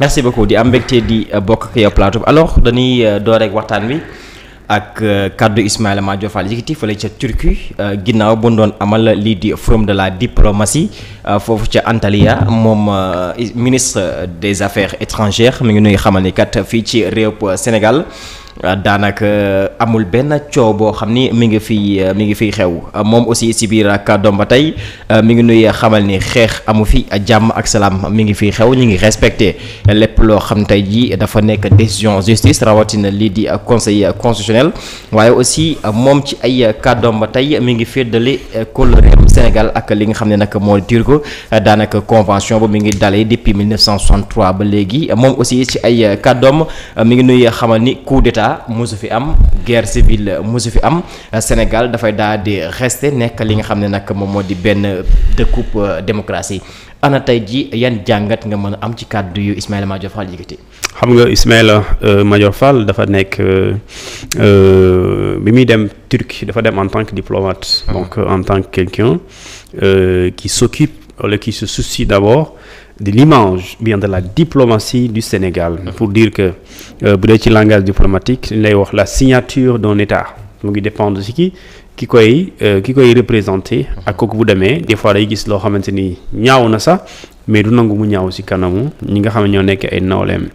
merci beaucoup di am mbégte di euh, bokk ak yow plateau alors dañuy euh, door rek waxtaan wi ak euh, kaddu Ismaïla Madior Fall yëkkati fële ca turki ginnaaw bu doon amal lii di forum de la diplomatie foofu ca antalia moom ministre des affaires étrangères mu ngi nuy xamal ni kat fii ci réew Sénégal. Euh, daanaka euh, amul benn coow boo xam ni mi ngi fii euh, mi ngi fi xew moom aussi si biir ak kàddoom ba tey mi ngi nuy xamal ni xeex amu fi jàmm ak salaam mi ngi fiy xew ñu ngi respecté lépp loo xam tey jii dafa nekk décision justice rawatina lii di conseil constitutionnel waaye aussi moom ci ay kàddoom ba tey mi ngi féddale kóllëre Sénégal ak li nga xam ne nag moo Turc daanaka convention ba mi ngi dalee depuis 1963 ba léegi moom aussi ci ay kàddoom mi ngi nuy xamal ni coup mosu fi am guerre civile mosu fi am Sénégal dafay daal di rester nekk li nga xam ne nag moom moo di benn dëkkub démocratie ana tey ji yan jàngat nga mën a am ci kàddu yu Ismaïla Madior Fall yëkkati xam nga Ismaïla euh, Madior Fall dafa nekk euh, euh, bi muy dem Turquie dafa dem en tant que diplomate ah. donc en tant que quelqu'un qui s'occupe wala qui se soucie d'abord de l'image bien de la diplomatie du Sénégal ah. pour dire que bu dee ci langage diplomatique lay wax la signature d'un État mu ngi dépendre ci ki ki koy ki koy représenter ah. ak kooku bu demee des fois day gis loo xamante ni ñaaw na sax mais du nangu mu ñaaw ci kanamu ñi nga xam ne ñoo nekk ay nawleem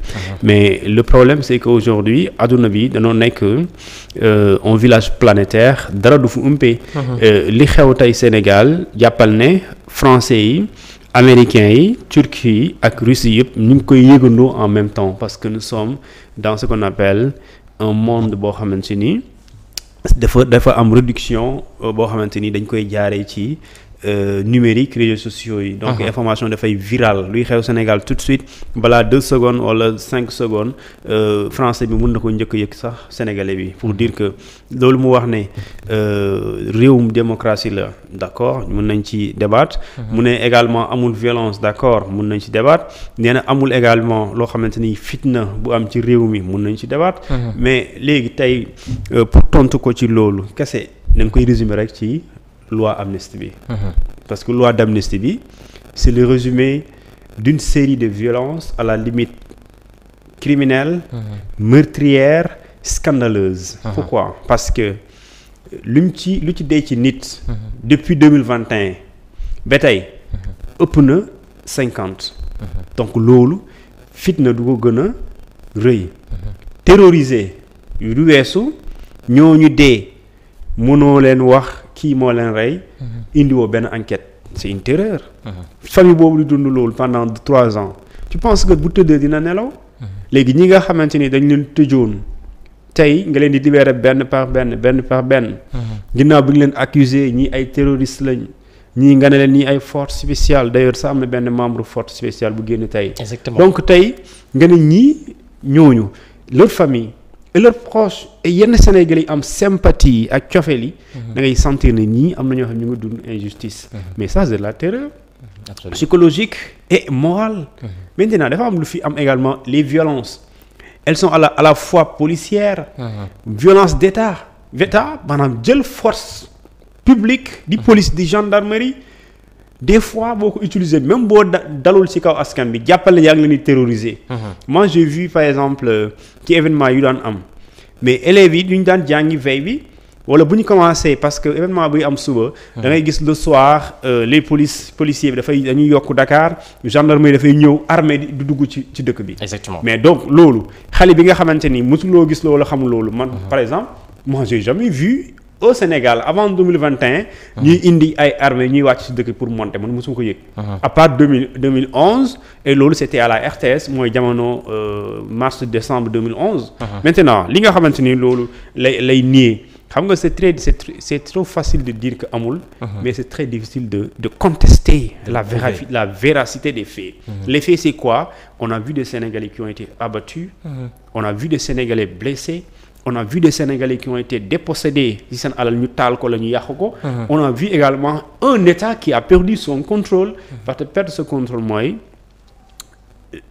mais le problème c'est que aujourd'hui adduna bi danoo nekk euh, un village planétaire dara du fu umpee mhm. euh, li xew tey Sénégal jàppal ne français yi américains yi turcs yi ak russes yi yëpp ñu ngi koy yëgandoo en même temps parce que nous sommes dans ce qu'on appelle un monde boo xamante ni dafa dafa am réduction euh, boo xamante ni dañ koy jaaree ci Euh, numérique réseaux sociaux yi donc information dafay viral luy xew Sénégal tout de suite balaa deux secondes wala cinq secondes euh, français bi mun na ko njëkk yëg sax sénégalais bi pour dire que loolu mu wax ne euh, réewum démocratie la d'accord mun nañ ci débattre mu ne également amul violence d'accord mun nañ ci débattre nee amul également loo xamante ni fitna bu am ci réew mi mun nañ ci débattre mais léegi tey pour tontu ko ci loolu kese dañ koy résumer rek ci loi amnistie bi. Mhm. parce que loi d'amnistie bi c'est le résumé d'une série de violences à la limite criminelle. Mhm. meurtrière scandaleuse. Mhm. pourquoi parce que euh, luñ ci lu ci dee ci nit. depuis deux mille vingt et ba tey ëpp na cinquante. donc loolu fitna du ko gën a rëy. terroriser yu du weesu ñooñu dee mënoo leen wax. kii moo leen rey. Mhm. indiwoo benn enquête. c'est une terreur. Mhm. famille boobu di dund loolu pendant trois ans. tu pense que bu tëddee dina nelaw. Mhm. léegi ñi nga xamante ni dañ leen tëjoon. tey nga leen di libéré benn par benn benn par benn. ginnaaw bi nga leen accusé ñii ay terroristes lañ. ñii nga ne leen ñii ay fort spéciale d'ailleurs sax am na benn membre force spéciale bu génn tey. exactement donc tey nga ne ñii ñooñu leur famille. et leurs yenn Sénégalais yi am sympathie yi ak cofeel yi mhm. da ngay sentir ñii am na ñoo xam ñu ngi dund injustice mhm. mais ça de la terreur mhm. Absolument. psychologique et morale maintenant dafa am lu fi am également les violences elles sont à la à la fois policières violence d'État d'État maanaam jël force publique di police di gendarmerie des fois boo ko utiliser même boo da dalul ci kaw askan bi jàppale yaa ngi leen di terroriser. Uh-huh. moi par exemple euh, ci événement yu daan am mais élèves yi duñ daan jàngi veille bi wala bu ñu commencé parce que événement buy am suba. Uh-huh. da ngay gis le soir euh, les police policiers bi dafay dañuy yokk dakaar Dakar gendarmerie dafay ñëw armée di dugg ci ci dëkk bi. exactement mais donc loolu xale bi nga xamante ni loo gis loolu xamul loolu. man uh-huh. par exemple moi j'ai jamais au Sénégal avant 2021. Uh-huh. ñuy indi ay armée ñuy wàcc ci dëkk pour monter man mosuma ko yëg. Uh-huh. à part 2000 2011 loolu c'était à la RTS mooy jamono euh, mars décembre 2011. Uh-huh. maintenant li nga xamante ni loolu lay lay nier xam nga c'est très c'est c'est trop facile de dire que amul. mais c'est très difficile de de contester la véra la véracité des faits. les faits c'est quoi on a vu des Sénégalais qui ont été abattus. on a vu des Sénégalais blessés. on a vu des Sénégalais qui ont été dépossédés ci seen alal ñu taal ko la ñu yàq ko. Uh-huh. on a vu également un État qui a perdu son contrôle. Uh-huh. parce que perdre ce contrôle mooy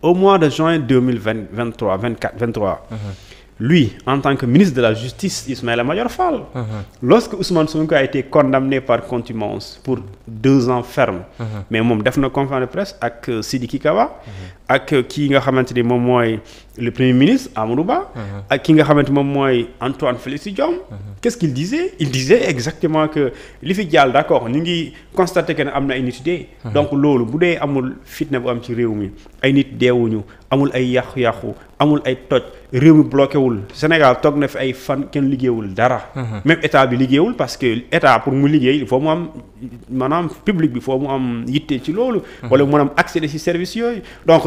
au mois de juin deux mille vingt vingt trois vingt quatre vingt trois. Uh-huh. lui en tant que ministre de la justice Ismaïla Madior Fall. Uh -huh. lorsque Ousmane Sonko a été condamné par contumace pour deux ans ferme. mais moom def na conférence de presse ak Sidiki Kaba. ak kii nga xamante ni moom mooy le premier ministre Amadou Ba. Mhm. ki nga xamante moom mooy Antoine Félix Diome. Mhm. qu'est-ce qu'il disait il disait exactement que li fi jaal d'accord ñu ngi constaté que ne am na ay nit dee. Mhm. donc loolu bu dee amul fitna bu am ci réew mi ay nit deewuñu amul ay yàqu-yàqu amul ay toj réew mi bloqué wul Sénégal toog na fi ay fan kenn liggéeyul dara. même état bi liggéeyul parce que état pour mu liggéey foo mu am maanaam public bi foo mu am yitte ci loolu. wala mu am accès ci service yooyu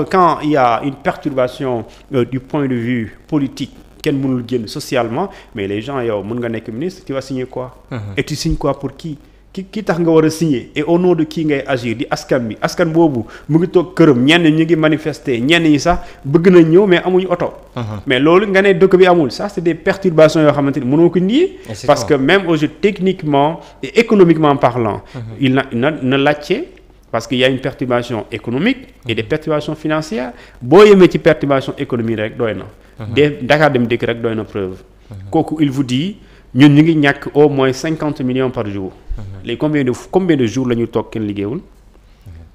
quand il y a une perturbation euh, du point de vue politique kenn mënul génn socialement mais les gens yow mën nga nekk ministre tu vas signer quoi. Uh -huh. quoi pour qui. ki ki tax nga war a signer et au nom de kii ngay agir di askan bi askan boobu mu ngi toog këram ñenn ñu ngi manifester ñenn ñi sax bëgg na ñëw mais amuñu oto. Uh-huh. mais loolu nga ne dëkk bi amul ça c'est des perturbations yoo xamante ni mënoo ko nii. parce quoi? que même aujourd'hui techniquement et économiquement uh-huh. parce que y a une perturbation économique et des perturbations financières boo yemee ci perturbation économique rek dooy na mhm. de Dakar dem dikk rek dooy na preuve kooku il vous dit ñun ñu ngi ñàkk au moins cinquante millions par jour mhm. léegi combien de combien de jours la kenn liggéeyul mhm.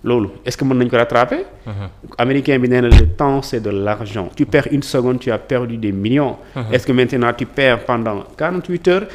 loolu est-ce que mën nañ ko rattraper américain bi nee na le temps c'est de l'argent tu perds une seconde tu as perdu des millions est-ce que maintenant tu perds pendant quarante-huit heures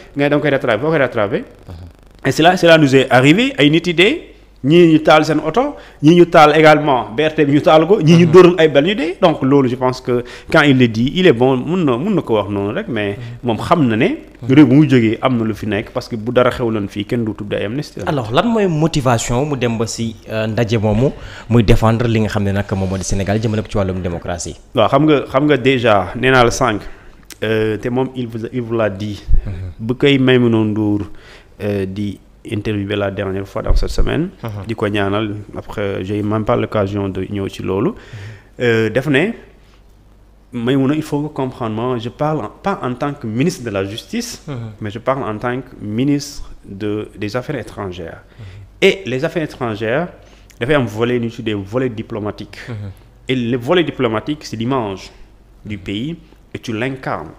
ñii ñu taal seen oto ñii ñu taal également BRT bi ñu taal ko ñii ñu mhm. dóoral ay bal ñu dee donc loolu je pense que quand il le dit il est bon mun na ko wax noonu rek mais mhm. moom xam na ne réew bu mu jógee am na lu fi nekk parce que bu dara xew xewloon fii kenn du tudd ay amnistie alors lan mooy motivation mu dem ba si euh, ndaje moomu muy defendre li nga xam ne nag moom moo di Sénégal jëmale ko ci wàllum démocratie waaw xam nga xam nga déjà nee naa la sànq euh, te moom il vous il vous l'a dit mhm. bu koy Maïmouna euh, di interviewé la dernière fois dans cette semaine. Uh-huh. di ko ñaanal après j'ai même pas l'occasion de ñëw ci loolu. Euh, def ne Maïmouna il faut comprendre moi je parle pas en tant que ministre de la justice. Uh-huh. mais je parle en tant que ministre de des affaires étrangères. Uh-huh. et les affaires étrangères dafay am volet nu des volets diplomatiques. le volet diplomatique c'est l'image du pays et tu l'incarnes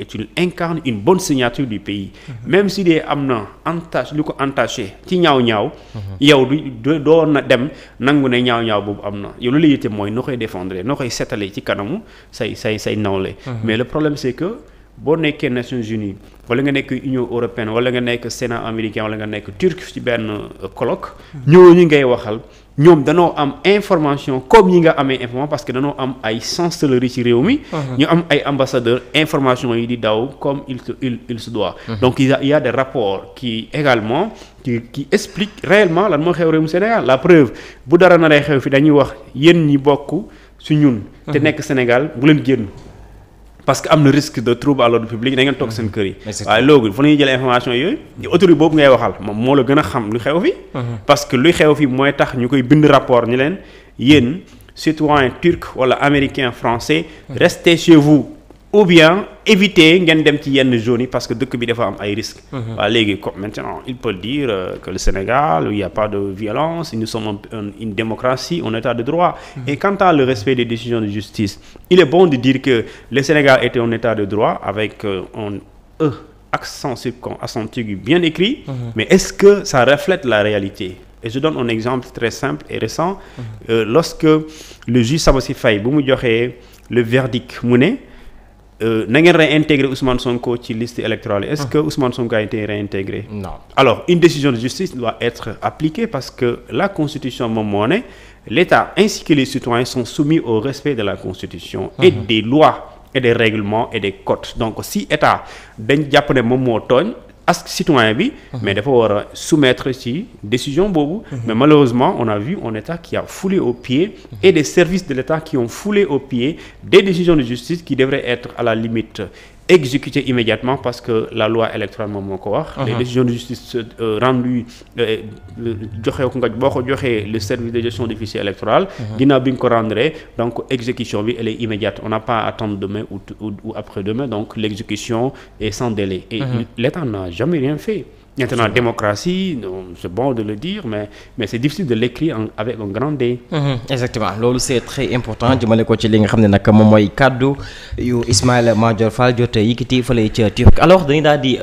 est une incarne une bonne signature du pays mhm. même si dee am na entache lu ko entaché ci ñaaw-ñaaw mhm. yow du doo na dem nangu ne ñaaw-ñaaw boobu am na yow lu la yitte mooy noo koy défendre noo koy setale ci kanamu say say say nawle mhm. mais le problème c'est que boo nekkee Nations Unies wala nga nekk Union européenne wala nga nekk Sénat américain wala nga nekk turc ci benn euh, colloque mhm. ñu ngay waxal ñoom danoo am information comme yi nga amee information parce que danoo am ay chancellerie ci réew mi mhm. ñu am ay ambassadeurs information yi di daw comme il se il se doit mhm. donc il y a des rapports également qui qui expliquent réellement lan moo xew réew mu Sénégal la preuve bu dara na day xew fi dañuy wax yéen ñi bokk su ñun te nekk Sénégal bu leen génn parce que am na risque de trouble à l'ordre public da toog seen mhm. kër yi. waaye loolu fu ñuy jëlee information yooyu autorité boobu ngay waxal moo la gën a xam lu xew fi. Mhm. parce que luy xew fi mooy tax ñu koy bind rapport ñu leen yéen citoyen turc wala américain français. Mhm. restez chez vous. ou bien éviter ngeen dem ci yenn zones yi parce que dëkk bi dafa am ay risques. Mhm. waa léegi comme maintenant il peut dire euh, que le Sénégal il y a pas de violence nous sommes une démocratie un état de droit. Mhm. et quant à le respect des décisions de justice il est bon de dire que le Sénégal était un état de droit avec euh, un e accent accent aigu bien écrit. Mhm. mais est-ce que ça reflète la réalité. et je donne un exemple très simple et récent. Euh, lorsque le juge Sabassy Faye bu mu joxee le verdict mu ne. Euh, na ngeen réintégrer Ousmane Sonko ci liste électorale est-ce que Ousmane Sonko a été réintégré non alors une décision de justice doit être appliquée parce que la constitution moom moo ne l'État ainsi que les citoyens sont soumis au respect de la constitution et mhm. des lois et des règlements et des codes donc si État dañ jàpp ne moom moo tooñ parce que citoyen bi. Mhm. mais dafa war a soumettre ci décision boobu. Mhm. mais malheureusement on a vu un état qui a foulé aux pieds. Mhm. et des services de l'état qui ont foulé aux pieds des décisions de justice qui devraient être à la limite. exécuté immédiatement parce que la loi électorale moom moo ko wax. Uh-huh. les décisions de justice euh, rendues euh, euh, joxe ko nga boo ko joxee le service de gestion du fichier électoral. Uh-huh. ginnaaw bi nga ko rendre donc exécution bi elle est immédiate on n'a pas à attendre demain ou ou après demain donc l'exécution est sans délai. et uh-huh. l'État n'a jamais rien fait. Maintenant, démocratie, c'est bon de le dire, mais, mais c'est difficile de l'écrire avec un grand D. Mhm, exactement loolu c'est très important jëmale ko ci li nga xam ne nag moom mooy kàddu yu Ismaïla Madior Fall jot yëkkati fële ca Turquie alors dañuy daal di.